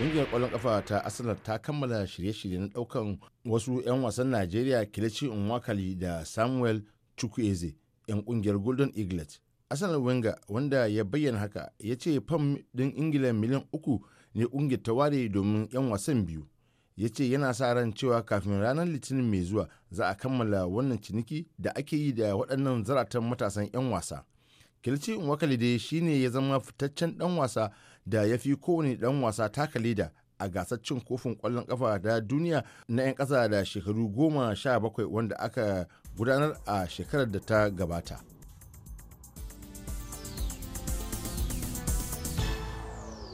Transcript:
Ƙungiyar ƙwallon ƙafa ta asanar ta kammala shirye-shirye na ɗaukan wasu 'yan wasan Najeriya kilici Nwakali da Samuel Chukwueze 'yan ƙungiyar Golden Eaglet. asanar Wenger wanda ya bayyana haka ya ce fam din Ingila miliyan uku ne ƙungiyar ta ware domin 'yan wasan biyu. ya ce yana sa ran cewa kafin ranar litinin mai zuwa za a kammala wannan ciniki da ake yi da waɗannan zaratan matasan 'yan wasa kilici nwakali dai shine ya zama fitaccen ɗan wasa da ya fi kowane ɗan wasa taka leda a gasar cin kofin ƙwallon ƙafa da duniya na 'yan ƙasa da shekaru goma sha bakwai wanda aka gudanar a shekarar da ta gabata.